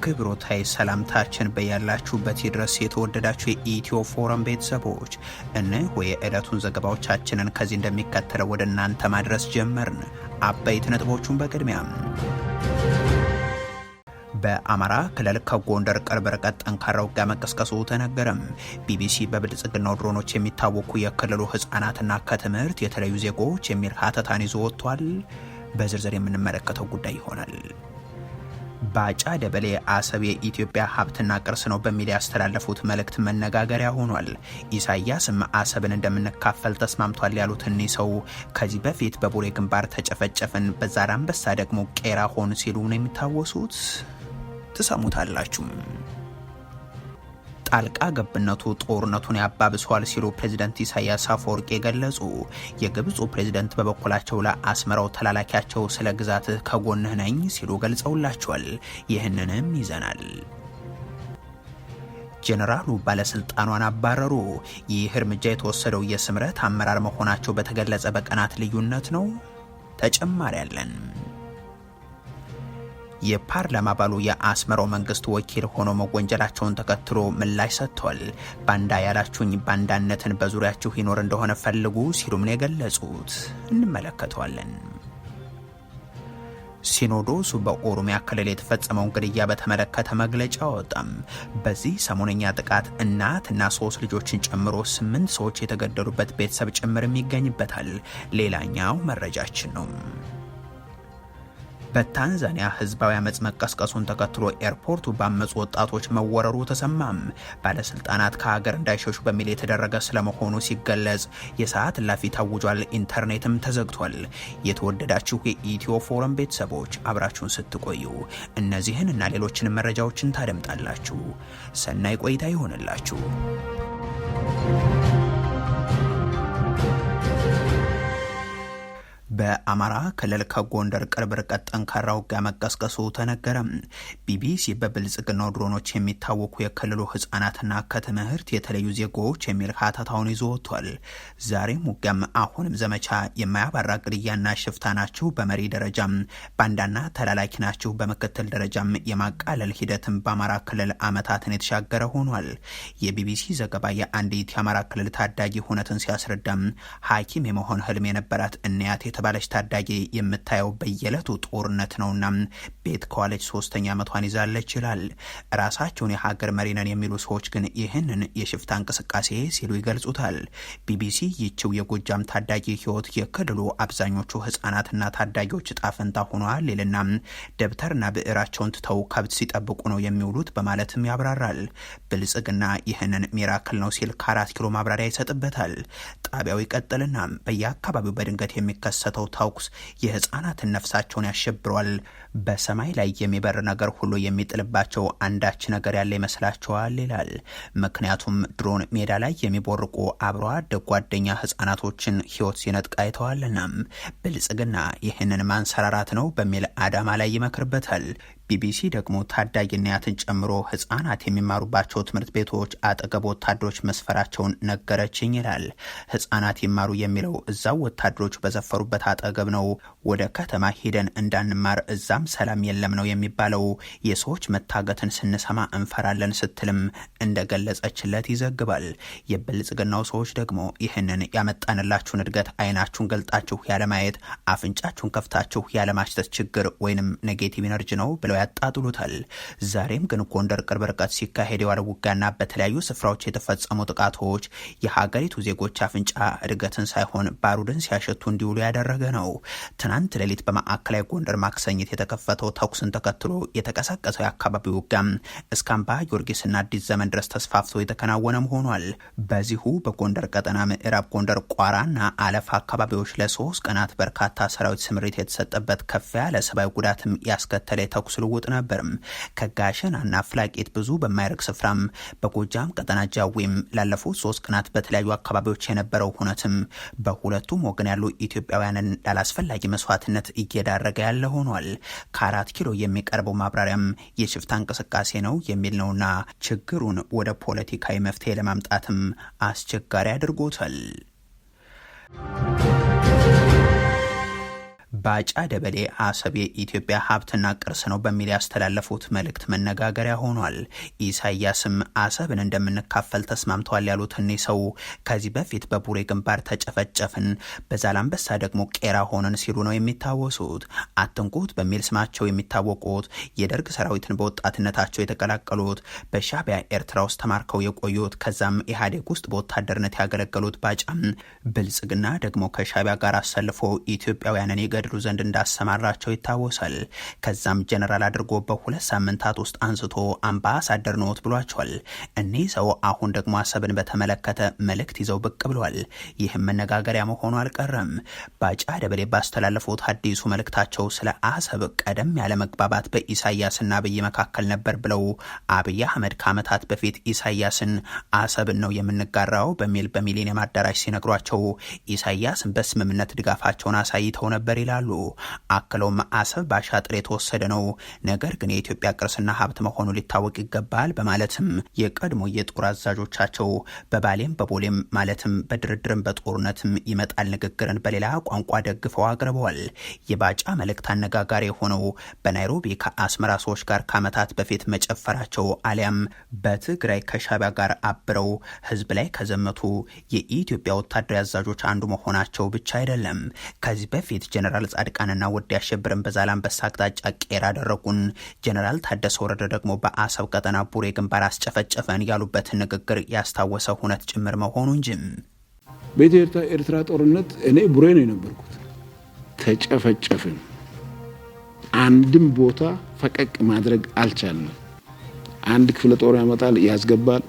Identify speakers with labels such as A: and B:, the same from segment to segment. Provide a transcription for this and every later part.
A: አክብሮታይ ሰላምታችን በያላችሁበት ይድረስ። የተወደዳችሁ የኢትዮ ፎረም ቤተሰቦች እነሆ የዕለቱን ዘገባዎቻችንን ከዚህ እንደሚከተለው ወደ እናንተ ማድረስ ጀመርን። አበይት ነጥቦቹን በቅድሚያም በአማራ ክልል ከጎንደር ቅርብ ርቀት ጠንካራ ውጊያ መቀስቀሱ ተነገረም። ቢቢሲ በብልጽግናው ድሮኖች የሚታወቁ የክልሉ ሕጻናትና ከትምህርት የተለዩ ዜጎች የሚል ሀተታን ይዞ ወጥቷል። በዝርዝር የምንመለከተው ጉዳይ ይሆናል። ባጫ ደበሌ አሰብ የኢትዮጵያ ሀብትና ቅርስ ነው በሚል ያስተላለፉት መልእክት መነጋገሪያ ሆኗል። ኢሳያስም አሰብን እንደምንካፈል ተስማምቷል ያሉት እኒህ ሰው ከዚህ በፊት በቡሬ ግንባር ተጨፈጨፍን፣ በዛላንበሳ ደግሞ ቄራ ሆን ሲሉ ነው የሚታወሱት። ትሰሙታላችሁም። ጣልቃ ገብነቱ ጦርነቱን ያባብሷል ሲሉ ፕሬዚደንት ኢሳያስ አፈወርቅ የገለጹ። የግብፁ ፕሬዚደንት በበኩላቸው ለአስመራው ተላላኪያቸው ስለ ግዛትህ ከጎንህ ነኝ ሲሉ ገልጸውላቸዋል። ይህንንም ይዘናል። ጀነራሉ ባለስልጣኗን አባረሩ። ይህ እርምጃ የተወሰደው የስምረት አመራር መሆናቸው በተገለጸ በቀናት ልዩነት ነው። ተጨማሪ አለን። የፓርላማ አባሉ የአስመራው መንግስት ወኪል ሆኖ መወንጀላቸውን ተከትሎ ምላሽ ሰጥቷል። ባንዳ ያላችሁኝ ባንዳነትን በዙሪያችሁ ይኖር እንደሆነ ፈልጉ ሲሉም ነው የገለጹት። እንመለከተዋለን። ሲኖዶሱ በኦሮሚያ ክልል የተፈጸመውን ግድያ በተመለከተ መግለጫ አወጣም። በዚህ ሰሞነኛ ጥቃት እናትና ሶስት ልጆችን ጨምሮ ስምንት ሰዎች የተገደሉበት ቤተሰብ ጭምርም ይገኝበታል። ሌላኛው መረጃችን ነው። በታንዛኒያ ህዝባዊ አመፅ መቀስቀሱን ተከትሎ ኤርፖርቱ ባመፁ ወጣቶች መወረሩ ተሰማም። ባለስልጣናት ከሀገር እንዳይሸሹ በሚል የተደረገ ስለመሆኑ ሲገለጽ የሰዓት እላፊ ታውጇል። ኢንተርኔትም ተዘግቷል። የተወደዳችሁ የኢትዮ ፎረም ቤተሰቦች አብራችሁን ስትቆዩ እነዚህን እና ሌሎችን መረጃዎችን ታደምጣላችሁ። ሰናይ ቆይታ ይሆንላችሁ። በአማራ ክልል ከጎንደር ቅርብ ርቀት ጠንካራ ውጊያ መቀስቀሱ ተነገረ። ቢቢሲ በብልጽግናው ድሮኖች የሚታወቁ የክልሉ ህጻናትና ከትምህርት የተለዩ ዜጎች የሚል ሀተታውን ይዞ ወጥቷል። ዛሬም ውጊያም አሁንም ዘመቻ የማያባራ ግድያና ሽፍታ ናችሁ፣ በመሪ ደረጃም ባንዳና ተላላኪ ናችሁ፣ በምክትል ደረጃም የማቃለል ሂደትም በአማራ ክልል አመታትን የተሻገረ ሆኗል። የቢቢሲ ዘገባ የአንዲት የአማራ ክልል ታዳጊ ሁነትን ሲያስረዳም ሐኪም የመሆን ህልም የነበራት እንያት የተባ የተባለች ታዳጊ የምታየው በየዕለቱ ጦርነት ነውና ቤት ከዋለች ሶስተኛ ዓመቷን ይዛለች ይችላል። ራሳቸውን የሀገር መሪ ነን የሚሉ ሰዎች ግን ይህንን የሽፍታ እንቅስቃሴ ሲሉ ይገልጹታል። ቢቢሲ ይችው የጎጃም ታዳጊ ህይወት የክልሉ አብዛኞቹ ህጻናትና ታዳጊዎች እጣ ፈንታ ሆኗል ይልና ደብተርና ብዕራቸውን ትተው ከብት ሲጠብቁ ነው የሚውሉት በማለትም ያብራራል። ብልጽግና ይህንን ሚራክል ነው ሲል ከአራት ኪሎ ማብራሪያ ይሰጥበታል። ጣቢያው ይቀጥልና በየአካባቢው በድንገት የሚከሰተው የሚተኮሰው ተኩስ የህፃናትን ነፍሳቸውን ያሸብረዋል። በሰማይ ላይ የሚበር ነገር ሁሉ የሚጥልባቸው አንዳች ነገር ያለ ይመስላቸዋል ይላል። ምክንያቱም ድሮን ሜዳ ላይ የሚቦርቁ አብሮ አደግ ጓደኛ ህጻናቶችን ህይወት ሲነጥቅ አይተዋልና ብልጽግና ይህንን ማንሰራራት ነው በሚል አዳማ ላይ ይመክርበታል። ቢቢሲ ደግሞ ታዳጊ ጨምሮ ህጻናት የሚማሩባቸው ትምህርት ቤቶች አጠገብ ወታደሮች መስፈራቸውን ነገረችኝ ይላል። ህጻናት ይማሩ የሚለው እዛው ወታደሮች በዘፈሩበት አጠገብ ነው። ወደ ከተማ ሂደን እንዳንማር እዛም ሰላም የለም ነው የሚባለው። የሰዎች መታገትን ስንሰማ እንፈራለን ስትልም እንደገለጸችለት ይዘግባል። የብልጽግናው ሰዎች ደግሞ ይህንን ያመጣንላችሁን እድገት አይናችሁን ገልጣችሁ ያለማየት፣ አፍንጫችሁን ከፍታችሁ ያለማሽተት ችግር ወይንም ኔጌቲቭ ኢነርጂ ነው ብለው ያጣጥሉታል። ዛሬም ግን ጎንደር ቅርብ ርቀት ሲካሄድ የዋለ ውጋና በተለያዩ ስፍራዎች የተፈጸሙ ጥቃቶች የሀገሪቱ ዜጎች አፍንጫ እድገትን ሳይሆን ባሩድን ሲያሸቱ እንዲውሉ ያደረገ ነው። ትናንት ሌሊት በማዕከላዊ ጎንደር ማክሰኝት የተከፈተው ተኩስን ተከትሎ የተቀሳቀሰው የአካባቢው ውጋም እስከ አምባ ጊዮርጊስና አዲስ ዘመን ድረስ ተስፋፍቶ የተከናወነ ሆኗል። በዚሁ በጎንደር ቀጠና ምዕራብ ጎንደር ቋራና አለፋ አካባቢዎች ለሶስት ቀናት በርካታ ሰራዊት ስምሪት የተሰጠበት ከፍ ያለ ሰብአዊ ጉዳትም ያስከተለ የተኩስ ሲለወጥ ነበር። ከጋሸናና ፍላቄት ብዙ በማይረግ ስፍራም በጎጃም ቀጠና ጃዊም ላለፉት ሶስት ቀናት በተለያዩ አካባቢዎች የነበረው ሁነትም በሁለቱም ወገን ያሉ ኢትዮጵያውያንን ላላስፈላጊ መስዋዕትነት እየዳረገ ያለ ሆኗል። ከአራት ኪሎ የሚቀርበው ማብራሪያም የሽፍታ እንቅስቃሴ ነው የሚል ነውና ችግሩን ወደ ፖለቲካዊ መፍትሄ ለማምጣትም አስቸጋሪ አድርጎታል። ባጫ ደበሌ አሰብ የኢትዮጵያ ሀብትና ቅርስ ነው በሚል ያስተላለፉት መልእክት መነጋገሪያ ሆኗል። ኢሳያስም አሰብን እንደምንካፈል ተስማምተዋል ያሉት እኔ ሰው ከዚህ በፊት በቡሬ ግንባር ተጨፈጨፍን፣ በዛላንበሳ ደግሞ ቄራ ሆነን ሲሉ ነው የሚታወሱት። አትንኩት በሚል ስማቸው የሚታወቁት የደርግ ሰራዊትን በወጣትነታቸው የተቀላቀሉት በሻቢያ ኤርትራ ውስጥ ተማርከው የቆዩት ከዛም ኢህአዴግ ውስጥ በወታደርነት ያገለገሉት ባጫም ብልጽግና ደግሞ ከሻቢያ ጋር አሰልፎ ኢትዮጵያውያንን ይገድሉ ዘንድ እንዳሰማራቸው ይታወሳል። ከዛም ጀነራል አድርጎ በሁለት ሳምንታት ውስጥ አንስቶ አምባሳደር ነዎት ብሏቸዋል። እኒህ ሰው አሁን ደግሞ አሰብን በተመለከተ መልእክት ይዘው ብቅ ብሏል። ይህም መነጋገሪያ መሆኑ አልቀረም። ባጫ ደበሌ ባስተላለፉት አዲሱ መልእክታቸው ስለ አሰብ ቀደም ያለ መግባባት በኢሳያስና አብይ መካከል ነበር ብለው አብይ አህመድ ከዓመታት በፊት ኢሳያስን አሰብን ነው የምንጋራው በሚል በሚሊኒየም አዳራሽ ሲነግሯቸው ኢሳያስን በስምምነት ድጋፋቸውን አሳይተው ነበር ይላል። ይላሉ። አክለውም አሰብ በአሻጥር የተወሰደ ነው፣ ነገር ግን የኢትዮጵያ ቅርስና ሀብት መሆኑ ሊታወቅ ይገባል በማለትም የቀድሞ የጦር አዛዦቻቸው በባሌም በቦሌም ማለትም በድርድርም በጦርነትም ይመጣል ንግግርን በሌላ ቋንቋ ደግፈው አቅርበዋል። የባጫ መልእክት አነጋጋሪ የሆነው በናይሮቢ ከአስመራ ሰዎች ጋር ከዓመታት በፊት መጨፈራቸው አሊያም በትግራይ ከሻቢያ ጋር አብረው ህዝብ ላይ ከዘመቱ የኢትዮጵያ ወታደራዊ አዛዦች አንዱ መሆናቸው ብቻ አይደለም። ከዚህ በፊት ጀነራል ጀነራል ጻድቃንና ወዲ አሸብርን በዛላንበሳ አቅጣጫ ቄር አደረጉን። ጀነራል ታደሰ ወረደ ደግሞ በአሰብ ቀጠና ቡሬ ግንባር አስጨፈጨፈን ያሉበትን ንግግር ያስታወሰ ሁነት ጭምር መሆኑ እንጂ በኢትዮ ኤርትራ ጦርነት እኔ ቡሬ ነው የነበርኩት። ተጨፈጨፍን። አንድም ቦታ ፈቀቅ ማድረግ አልቻልንም። አንድ ክፍለ ጦር ያመጣል፣ ያስገባል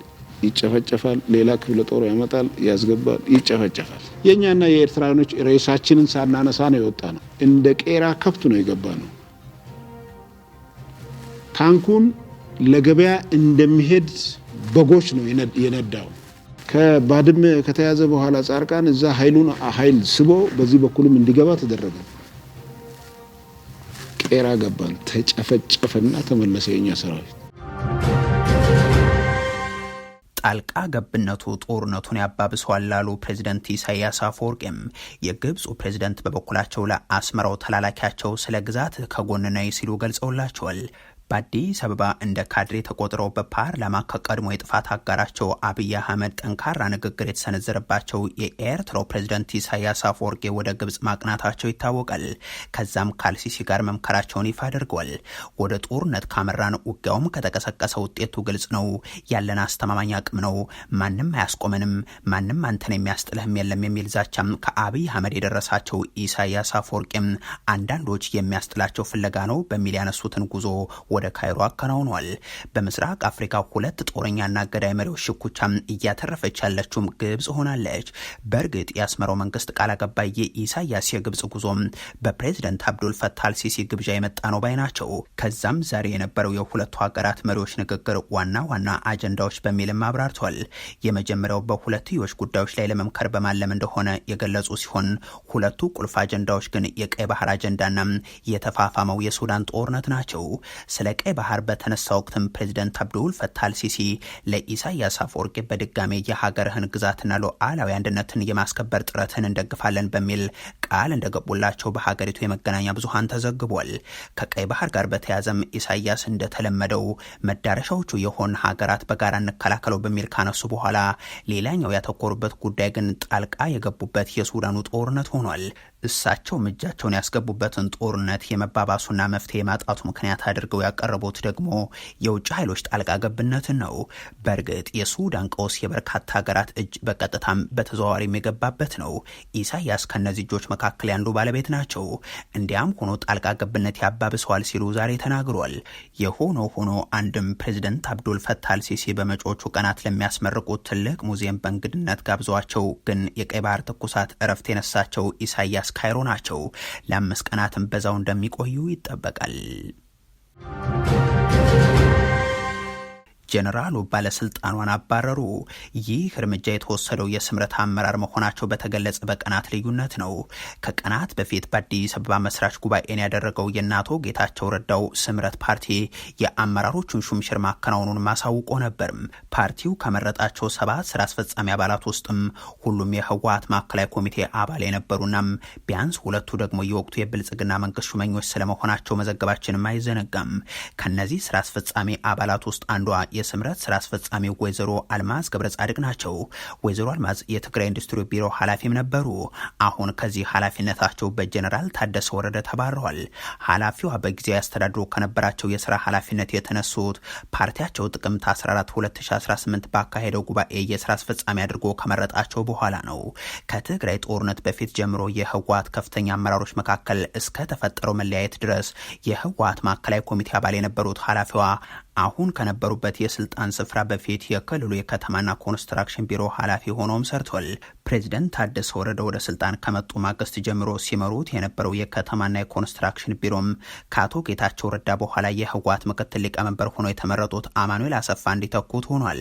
A: ይጨፈጨፋል። ሌላ ክፍለ ጦር ያመጣል፣ ያስገባል፣ ይጨፈጨፋል። የእኛና የኤርትራኖች ሬሳችንን ሳናነሳ ነው የወጣ ነው። እንደ ቄራ ከብት ነው የገባ ነው። ታንኩን ለገበያ እንደሚሄድ በጎች ነው የነዳው። ከባድመ ከተያዘ በኋላ ጻርቃን እዛ ኃይሉን ኃይል ስቦ በዚህ በኩልም እንዲገባ ተደረገ። ቄራ ገባን፣ ተጨፈጨፈና ተመለሰ የኛ ሰራዊት። ጣልቃ ገብነቱ ጦርነቱን ያባብሰዋል ላሉ ፕሬዚደንት ኢሳያስ አፈወርቂም የግብፁ ፕሬዚደንት በበኩላቸው ለአስመራው ተላላኪያቸው ስለ ግዛት ከጎን ነይ ሲሉ ገልጸውላቸዋል። በአዲስ አበባ እንደ ካድሬ ተቆጥረው በፓርላማ ከቀድሞ የጥፋት አጋራቸው አብይ አህመድ ጠንካራ ንግግር የተሰነዘረባቸው የኤርትራው ፕሬዝደንት ኢሳያስ አፈወርቄ ወደ ግብጽ ማቅናታቸው ይታወቃል። ከዛም ካልሲሲ ጋር መምከራቸውን ይፋ አድርገዋል። ወደ ጦርነት ካመራን ውጊያውም ከተቀሰቀሰ ውጤቱ ግልጽ ነው። ያለን አስተማማኝ አቅም ነው። ማንም አያስቆመንም፣ ማንም አንተን የሚያስጥልህም የለም የሚል ዛቻም ከአብይ አህመድ የደረሳቸው ኢሳያስ አፈወርቄም አንዳንዶች የሚያስጥላቸው ፍለጋ ነው በሚል ያነሱትን ጉዞ ወደ ካይሮ አከናውኗል። በምስራቅ አፍሪካ ሁለት ጦረኛና ገዳይ መሪዎች ሽኩቻም እያተረፈች ያለችውም ግብጽ ሆናለች። በእርግጥ የአስመራው መንግስት ቃል አቀባይ የኢሳያስ የግብጽ ጉዞም በፕሬዝደንት አብዱል ፈታህ አልሲሲ ግብዣ የመጣ ነው ባይ ናቸው። ከዛም ዛሬ የነበረው የሁለቱ ሀገራት መሪዎች ንግግር ዋና ዋና አጀንዳዎች በሚልም አብራርቷል። የመጀመሪያው በሁለትዮሽ ጉዳዮች ላይ ለመምከር በማለም እንደሆነ የገለጹ ሲሆን ሁለቱ ቁልፍ አጀንዳዎች ግን የቀይ ባህር አጀንዳና የተፋፋመው የሱዳን ጦርነት ናቸው። ስለ በቀይ ባህር በተነሳ ወቅትም ፕሬዚደንት አብዱል ፈታል አልሲሲ ለኢሳያስ አፈወርቂ በድጋሜ የሀገርህን ግዛትና ሉዓላዊ አንድነትን የማስከበር ጥረትን እንደግፋለን በሚል ቃል እንደገቡላቸው በሀገሪቱ የመገናኛ ብዙሃን ተዘግቧል። ከቀይ ባህር ጋር በተያዘም ኢሳያስ እንደተለመደው መዳረሻዎቹ የሆን ሀገራት በጋራ እንከላከለው በሚል ካነሱ በኋላ ሌላኛው ያተኮሩበት ጉዳይ ግን ጣልቃ የገቡበት የሱዳኑ ጦርነት ሆኗል። እሳቸውም እጃቸውን ያስገቡበትን ጦርነት የመባባሱና መፍትሄ ማጣቱ ምክንያት አድርገው ያቀረቡት ደግሞ የውጭ ኃይሎች ጣልቃ ገብነትን ነው። በእርግጥ የሱዳን ቀውስ የበርካታ ሀገራት እጅ በቀጥታም በተዘዋዋሪ የገባበት ነው። ኢሳያስ ከነዚህ እጆች መካከል ያንዱ ባለቤት ናቸው። እንዲያም ሆኖ ጣልቃ ገብነት ያባብሰዋል ሲሉ ዛሬ ተናግሯል። የሆኖ ሆኖ አንድም ፕሬዚደንት አብዱል ፈታ አልሲሲ በመጪዎቹ ቀናት ለሚያስመርቁት ትልቅ ሙዚየም በእንግድነት ጋብዘዋቸው ግን የቀይ ባህር ትኩሳት እረፍት የነሳቸው ኢሳያስ ዮሐንስ ካይሮ ናቸው። ለአምስት ቀናትም በዛው እንደሚቆዩ ይጠበቃል። ጄኔራሉ ባለስልጣኗን አባረሩ። ይህ እርምጃ የተወሰደው የስምረት አመራር መሆናቸው በተገለጸ በቀናት ልዩነት ነው። ከቀናት በፊት በአዲስ አበባ መስራች ጉባኤን ያደረገው የእነ ጌታቸው ረዳው ስምረት ፓርቲ የአመራሮቹን ሹምሽር ማከናወኑን ማሳውቆ ነበርም። ፓርቲው ከመረጣቸው ሰባት ስራ አስፈጻሚ አባላት ውስጥም ሁሉም የህወሀት ማዕከላዊ ኮሚቴ አባል የነበሩናም ቢያንስ ሁለቱ ደግሞ የወቅቱ የብልጽግና መንግስት ሹመኞች ስለመሆናቸው መዘገባችንም አይዘነጋም። ከነዚህ ስራ አስፈጻሚ አባላት ውስጥ አንዷ የስምረት ስራ አስፈጻሚው ወይዘሮ አልማዝ ገብረ ጻድቅ ናቸው። ወይዘሮ አልማዝ የትግራይ ኢንዱስትሪ ቢሮ ኃላፊም ነበሩ። አሁን ከዚህ ኃላፊነታቸው በጀኔራል ታደሰ ወረደ ተባረዋል። ኃላፊዋ በጊዜያዊ አስተዳድሮ ከነበራቸው የስራ ኃላፊነት የተነሱት ፓርቲያቸው ጥቅምት 14 2018 ባካሄደው ጉባኤ የስራ አስፈጻሚ አድርጎ ከመረጣቸው በኋላ ነው። ከትግራይ ጦርነት በፊት ጀምሮ የህወሓት ከፍተኛ አመራሮች መካከል እስከ ተፈጠረው መለያየት ድረስ የህወሓት ማዕከላዊ ኮሚቴ አባል የነበሩት ኃላፊዋ አሁን ከነበሩበት የስልጣን ስፍራ በፊት የክልሉ የከተማና ኮንስትራክሽን ቢሮ ኃላፊ ሆኖም ሰርቷል። ፕሬዚደንት ታደሰ ወረደ ወደ ስልጣን ከመጡ ማግስት ጀምሮ ሲመሩት የነበረው የከተማና የኮንስትራክሽን ቢሮም ከአቶ ጌታቸው ረዳ በኋላ የህወሓት ምክትል ሊቀመንበር ሆኖ የተመረጡት አማኑኤል አሰፋ እንዲተኩት ሆኗል።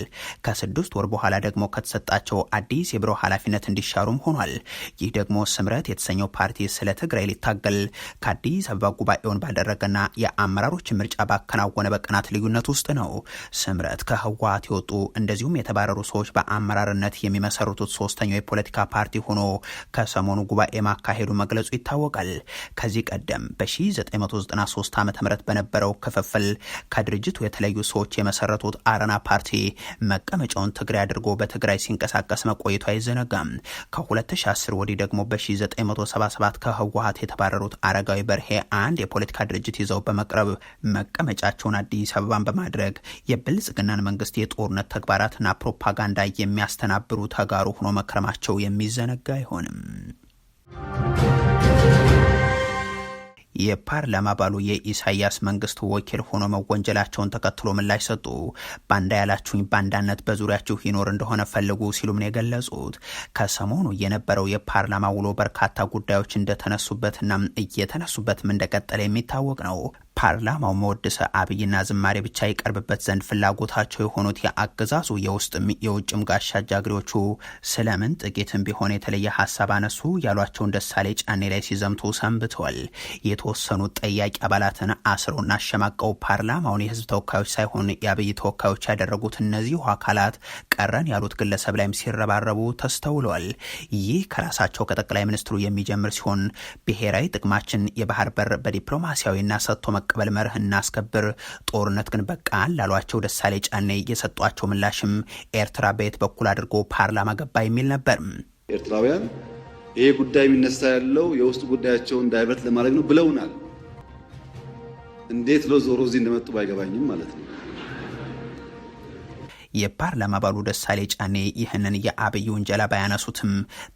A: ከስድስት ወር በኋላ ደግሞ ከተሰጣቸው አዲስ የቢሮ ኃላፊነት እንዲሻሩም ሆኗል። ይህ ደግሞ ስምረት የተሰኘው ፓርቲ ስለ ትግራይ ሊታገል ከአዲስ አበባ ጉባኤውን ባደረገና የአመራሮች ምርጫ ባከናወነ በቀናት ልዩነት ግንኙነት ውስጥ ነው። ስምረት ከህወሓት የወጡ እንደዚሁም የተባረሩ ሰዎች በአመራርነት የሚመሰርቱት ሶስተኛው የፖለቲካ ፓርቲ ሆኖ ከሰሞኑ ጉባኤ ማካሄዱ መግለጹ ይታወቃል። ከዚህ ቀደም በ1993 ዓ ም በነበረው ክፍፍል ከድርጅቱ የተለዩ ሰዎች የመሰረቱት አረና ፓርቲ መቀመጫውን ትግራይ አድርጎ በትግራይ ሲንቀሳቀስ መቆየቱ አይዘነጋም። ከ2010 ወዲህ ደግሞ በ1977 ከህወሓት የተባረሩት አረጋዊ በርሄ አንድ የፖለቲካ ድርጅት ይዘው በመቅረብ መቀመጫቸውን አዲስ አበባን በማድረግ የብልጽግናን መንግስት የጦርነት ተግባራትና ፕሮፓጋንዳ የሚያስተናብሩ ተጋሩ ሆኖ መክረማቸው የሚዘነጋ አይሆንም። የፓርላማ አባሉ የኢሳያስ መንግስት ወኪል ሆኖ መወንጀላቸውን ተከትሎ ምላሽ ሰጡ። ባንዳ ያላችሁኝ ባንዳነት በዙሪያችሁ ይኖር እንደሆነ ፈልጉ ሲሉም ነው የገለጹት። ከሰሞኑ የነበረው የፓርላማ ውሎ በርካታ ጉዳዮች እንደተነሱበትና እየተነሱበትም እንደቀጠለ የሚታወቅ ነው። ፓርላማው መወድሰ አብይና ዝማሬ ብቻ ይቀርብበት ዘንድ ፍላጎታቸው የሆኑት የአገዛዙ የውስጥም የውጭም ጋሻ አጃግሪዎቹ ስለምን ጥቂትም ቢሆን የተለየ ሀሳብ አነሱ ያሏቸውን ደሳሌ ጫኔ ላይ ሲዘምቱ ሰንብተዋል። የተወሰኑት ጠያቂ አባላትን አስረውና አሸማቀው ፓርላማውን የህዝብ ተወካዮች ሳይሆን የአብይ ተወካዮች ያደረጉት እነዚሁ አካላት ቀረን ያሉት ግለሰብ ላይም ሲረባረቡ ተስተውለዋል። ይህ ከራሳቸው ከጠቅላይ ሚኒስትሩ የሚጀምር ሲሆን ብሔራዊ ጥቅማችን የባህር በር በዲፕሎማሲያዊና ሰጥቶ መቀበል መርህ እናስከብር፣ ጦርነት ግን በቃ ላሏቸው ደሳሌ ጫኔ የሰጧቸው ምላሽም ኤርትራ በየት በኩል አድርጎ ፓርላማ ገባ የሚል ነበር። ኤርትራውያን ይሄ ጉዳይ የሚነሳ ያለው የውስጥ ጉዳያቸውን ዳይቨርት ለማድረግ ነው ብለውናል። እንዴት ለዞሮ ዞሮ እዚህ እንደመጡ ባይገባኝም ማለት ነው የፓርላማ አባሉ ደሳሌ ጫኔ ይህንን የአብይ ውንጀላ ባያነሱትም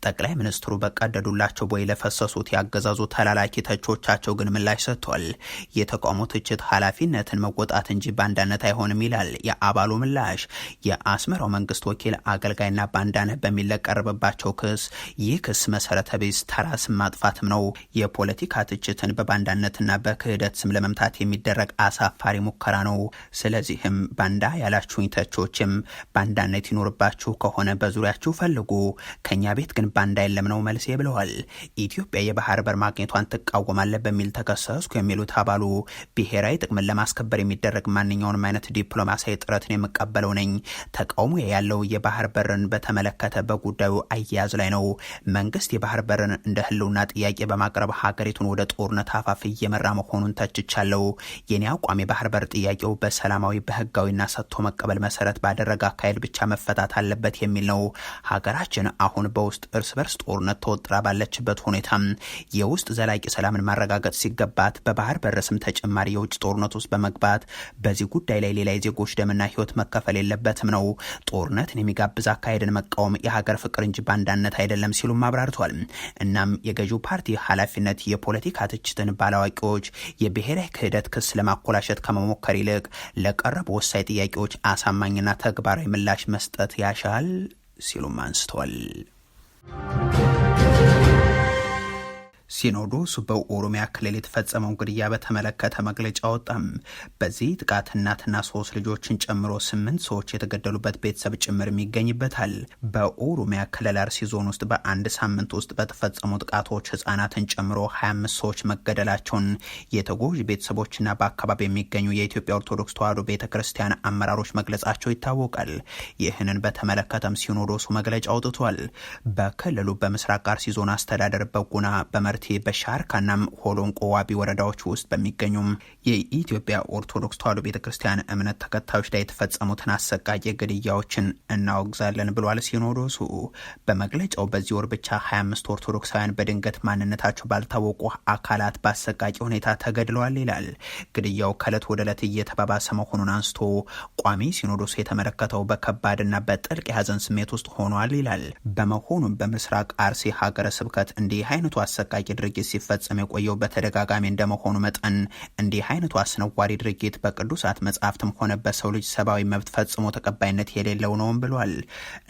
A: ጠቅላይ ሚኒስትሩ በቀደዱላቸው ቦይ ለፈሰሱት ያገዛዙ ተላላኪ ተቾቻቸው ግን ምላሽ ሰጥቷል። የተቃውሞ ትችት ኃላፊነትን መወጣት እንጂ ባንዳነት አይሆንም ይላል የአባሉ ምላሽ። የአስመራው መንግስት ወኪል አገልጋይና ባንዳነት በሚል ለቀረበባቸው ክስ ይህ ክስ መሰረተ ቢስ ተራ ስም ማጥፋትም ነው፣ የፖለቲካ ትችትን በባንዳነትና በክህደት ስም ለመምታት የሚደረግ አሳፋሪ ሙከራ ነው። ስለዚህም ባንዳ ያላችሁኝ ተቾች ሰዎችም ባንዳነት ይኖርባችሁ ከሆነ በዙሪያችሁ ፈልጉ፣ ከኛ ቤት ግን ባንዳ የለም ነው መልሴ ብለዋል። ኢትዮጵያ የባህር በር ማግኘቷን ትቃወማለ በሚል ተከሰስኩ የሚሉት አባሉ ብሔራዊ ጥቅምን ለማስከበር የሚደረግ ማንኛውንም አይነት ዲፕሎማሲያዊ ጥረትን የምቀበለው ነኝ። ተቃውሞ ያለው የባህር በርን በተመለከተ በጉዳዩ አያያዝ ላይ ነው። መንግስት የባህር በርን እንደ ህልውና ጥያቄ በማቅረብ ሀገሪቱን ወደ ጦርነት አፋፍ እየመራ መሆኑን ተችቻለሁ። የኔ አቋም የባህር በር ጥያቄው በሰላማዊ በህጋዊና ሰጥቶ መቀበል መሰረት ባደረገ አካሄድ ብቻ መፈታት አለበት የሚል ነው። ሀገራችን አሁን በውስጥ እርስ በርስ ጦርነት ተወጥራ ባለችበት ሁኔታ የውስጥ ዘላቂ ሰላምን ማረጋገጥ ሲገባት በባህር በረስም ተጨማሪ የውጭ ጦርነት ውስጥ በመግባት በዚህ ጉዳይ ላይ ሌላ የዜጎች ደምና ህይወት መከፈል የለበትም ነው። ጦርነትን የሚጋብዝ አካሄድን መቃወም የሀገር ፍቅር እንጂ ባንዳነት አይደለም ሲሉም አብራርቷል። እናም የገዢው ፓርቲ ኃላፊነት የፖለቲካ ትችትን ባላዋቂዎች የብሔራዊ ክህደት ክስ ለማኮላሸት ከመሞከር ይልቅ ለቀረቡ ወሳኝ ጥያቄዎች አሳማኝና ተግባራዊ ምላሽ መስጠት ያሻል ሲሉም አንስተዋል። ሲኖዶሱ በኦሮሚያ ክልል የተፈጸመው ግድያ በተመለከተ መግለጫ ወጣም። በዚህ ጥቃት እናትና ሶስት ልጆችን ጨምሮ ስምንት ሰዎች የተገደሉበት ቤተሰብ ጭምርም ይገኝበታል። በኦሮሚያ ክልል አርሲ ዞን ውስጥ በአንድ ሳምንት ውስጥ በተፈጸሙ ጥቃቶች ህጻናትን ጨምሮ 25 ሰዎች መገደላቸውን የተጎጂ ቤተሰቦችና በአካባቢ የሚገኙ የኢትዮጵያ ኦርቶዶክስ ተዋህዶ ቤተ ክርስቲያን አመራሮች መግለጻቸው ይታወቃል። ይህንን በተመለከተም ሲኖዶሱ መግለጫ አውጥቷል። በክልሉ በምስራቅ አርሲ ዞን አስተዳደር በጉና በመርቲ በሻርካናም ሆሎንቆ ዋቢ ወረዳዎች ውስጥ በሚገኙም የኢትዮጵያ ኦርቶዶክስ ተዋሕዶ ቤተ ክርስቲያን እምነት ተከታዮች ላይ የተፈጸሙትን አሰቃቂ ግድያዎችን እናወግዛለን ብሏል ሲኖዶሱ። በመግለጫው በዚህ ወር ብቻ 25 ኦርቶዶክሳውያን በድንገት ማንነታቸው ባልታወቁ አካላት በአሰቃቂ ሁኔታ ተገድለዋል ይላል። ግድያው ከእለት ወደ እለት እየተባባሰ መሆኑን አንስቶ ቋሚ ሲኖዶሱ የተመለከተው በከባድና በጥልቅ የሀዘን ስሜት ውስጥ ሆኗል ይላል። በመሆኑም በምስራቅ አርሲ ሀገረ ስብከት እንዲህ አይነቱ አሰቃቂ ድርጊት ሲፈጸም የቆየው በተደጋጋሚ እንደመሆኑ መጠን እንዲህ አይነቱ አስነዋሪ ድርጊት በቅዱሳት መጽሐፍትም ሆነ በሰው ልጅ ሰብአዊ መብት ፈጽሞ ተቀባይነት የሌለው ነውም ብሏል።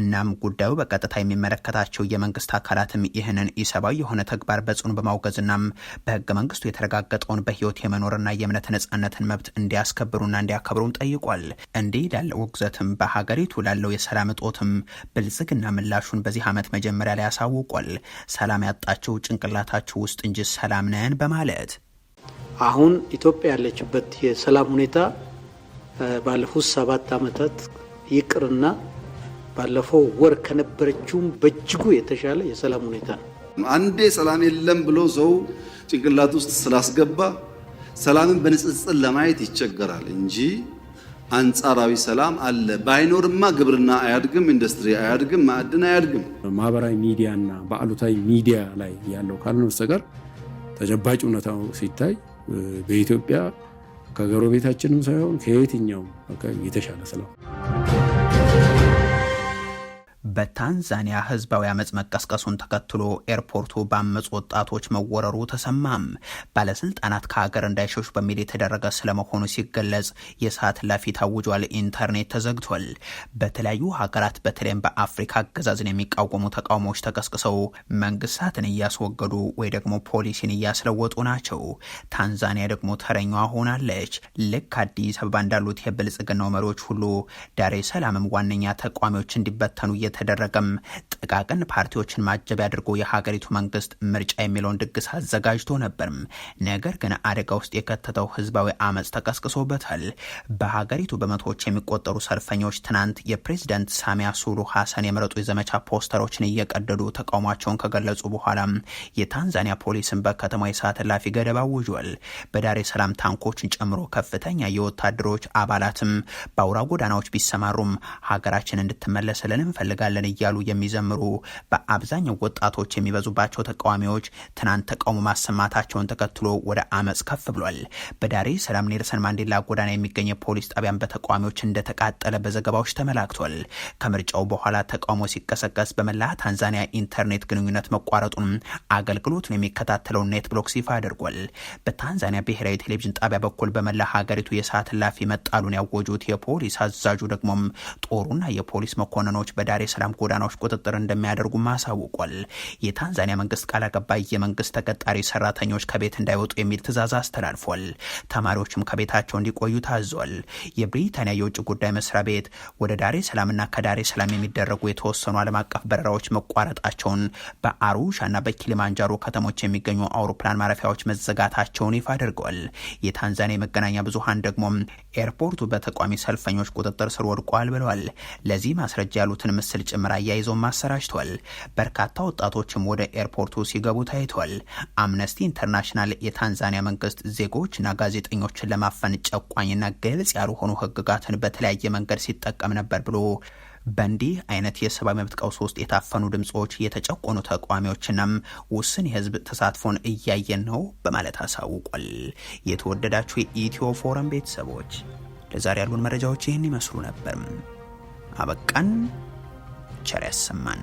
A: እናም ጉዳዩ በቀጥታ የሚመለከታቸው የመንግስት አካላትም ይህንን ኢሰብአዊ የሆነ ተግባር በጽኑ በማውገዝናም በህገ መንግስቱ የተረጋገጠውን በህይወት የመኖርና የእምነት ነጻነትን መብት እንዲያስከብሩና እንዲያከብሩም ጠይቋል። እንዲህ ላለው ውግዘትም በሀገሪቱ ላለው የሰላም እጦትም ብልጽግና ምላሹን በዚህ ዓመት መጀመሪያ ላይ ያሳውቋል። ሰላም ያጣቸው ጭንቅላታቸው ውስጥ እንጂ ሰላም ነን በማለት አሁን ኢትዮጵያ ያለችበት የሰላም ሁኔታ ባለፉት ሰባት ዓመታት ይቅርና ባለፈው ወር ከነበረችውም በእጅጉ የተሻለ የሰላም ሁኔታ ነው። አንዴ ሰላም የለም ብሎ ሰው ጭንቅላት ውስጥ ስላስገባ ሰላምን በንጽጽር ለማየት ይቸገራል እንጂ አንጻራዊ ሰላም አለ። ባይኖርማ ግብርና አያድግም፣ ኢንዱስትሪ አያድግም፣ ማዕድን አያድግም። ማህበራዊ ሚዲያና በአሉታዊ ሚዲያ ላይ ያለው ካልሆነ በስተቀር ተጨባጭ እውነታው ሲታይ በኢትዮጵያ ከጎረቤታችንም ሳይሆን ከየትኛውም የተሻለ ሰላም በታንዛኒያ ህዝባዊ አመፅ መቀስቀሱን ተከትሎ ኤርፖርቱ በአመፁ ወጣቶች መወረሩ ተሰማም። ባለስልጣናት ከሀገር እንዳይሸሹ በሚል የተደረገ ስለመሆኑ ሲገለጽ የሰዓት እላፊ ታውጇል። ኢንተርኔት ተዘግቷል። በተለያዩ ሀገራት በተለይም በአፍሪካ አገዛዝን የሚቃወሙ ተቃውሞዎች ተቀስቅሰው መንግስታትን እያስወገዱ ወይ ደግሞ ፖሊሲን እያስለወጡ ናቸው። ታንዛኒያ ደግሞ ተረኛዋ ሆናለች። ልክ አዲስ አበባ እንዳሉት የብልጽግናው መሪዎች ሁሉ ዳሬ ሰላምም ዋነኛ ተቋሚዎች እንዲበተኑ ተደረገም። ጥቃቅን ፓርቲዎችን ማጀብ ያድርጎ የሀገሪቱ መንግስት ምርጫ የሚለውን ድግስ አዘጋጅቶ ነበርም። ነገር ግን አደጋ ውስጥ የከተተው ህዝባዊ አመፅ ተቀስቅሶበታል። በሀገሪቱ በመቶዎች የሚቆጠሩ ሰልፈኞች ትናንት የፕሬዚደንት ሳሚያ ሱሉ ሀሰን የምረጡ የዘመቻ ፖስተሮችን እየቀደዱ ተቃውሟቸውን ከገለጹ በኋላ የታንዛኒያ ፖሊስን በከተማ የሰዓት እላፊ ገደብ አውጇል። በዳሬ ሰላም ታንኮችን ጨምሮ ከፍተኛ የወታደሮች አባላትም በአውራ ጎዳናዎች ቢሰማሩም ሀገራችን እንድትመለስልን እንፈልጋል እንዋጋለን እያሉ የሚዘምሩ በአብዛኛው ወጣቶች የሚበዙባቸው ተቃዋሚዎች ትናንት ተቃውሞ ማሰማታቸውን ተከትሎ ወደ አመፅ ከፍ ብሏል። በዳሬ ሰላም ኔልሰን ማንዴላ ጎዳና የሚገኝ የፖሊስ ጣቢያን በተቃዋሚዎች እንደተቃጠለ በዘገባዎች ተመላክቷል። ከምርጫው በኋላ ተቃውሞ ሲቀሰቀስ በመላ ታንዛኒያ ኢንተርኔት ግንኙነት መቋረጡን አገልግሎቱን የሚከታተለው ኔት ብሎክስ ይፋ አድርጓል። በታንዛኒያ ብሔራዊ ቴሌቪዥን ጣቢያ በኩል በመላ ሀገሪቱ የሰዓት እላፊ መጣሉን ያወጁት የፖሊስ አዛዡ ደግሞም ጦሩና የፖሊስ መኮንኖች በዳሬ የሰላም ጎዳናዎች ቁጥጥር እንደሚያደርጉም አሳውቋል። የታንዛኒያ መንግስት ቃል አቀባይ የመንግስት ተቀጣሪ ሰራተኞች ከቤት እንዳይወጡ የሚል ትዕዛዝ አስተላልፏል። ተማሪዎችም ከቤታቸው እንዲቆዩ ታዟል። የብሪታንያ የውጭ ጉዳይ መስሪያ ቤት ወደ ዳሬ ሰላምና ከዳሬ ሰላም የሚደረጉ የተወሰኑ ዓለም አቀፍ በረራዎች መቋረጣቸውን በአሩሻና በኪሊማንጃሮ ከተሞች የሚገኙ አውሮፕላን ማረፊያዎች መዘጋታቸውን ይፋ አድርገዋል። የታንዛኒያ የመገናኛ ብዙሃን ደግሞ ኤርፖርቱ በተቃዋሚ ሰልፈኞች ቁጥጥር ስር ወድቋል ብለዋል። ለዚህ ማስረጃ ያሉትን ምስል ምስል ጭምር አያይዞም አሰራጅቷል። በርካታ ወጣቶችም ወደ ኤርፖርቱ ሲገቡ ታይቷል። አምነስቲ ኢንተርናሽናል የታንዛኒያ መንግስት ዜጎችና ጋዜጠኞችን ለማፈን ጨቋኝና ግልጽ ያልሆኑ ህግጋትን በተለያየ መንገድ ሲጠቀም ነበር ብሎ በእንዲህ አይነት የሰብአዊ መብት ቀውስ ውስጥ የታፈኑ ድምፆች የተጨቆኑ ተቃዋሚዎችናም ውስን የህዝብ ተሳትፎን እያየን ነው በማለት አሳውቋል። የተወደዳችሁ የኢትዮ ፎረም ቤተሰቦች ለዛሬ ያሉን መረጃዎች ይህን ይመስሉ ነበር። አበቃን። ቸር ያሰማን።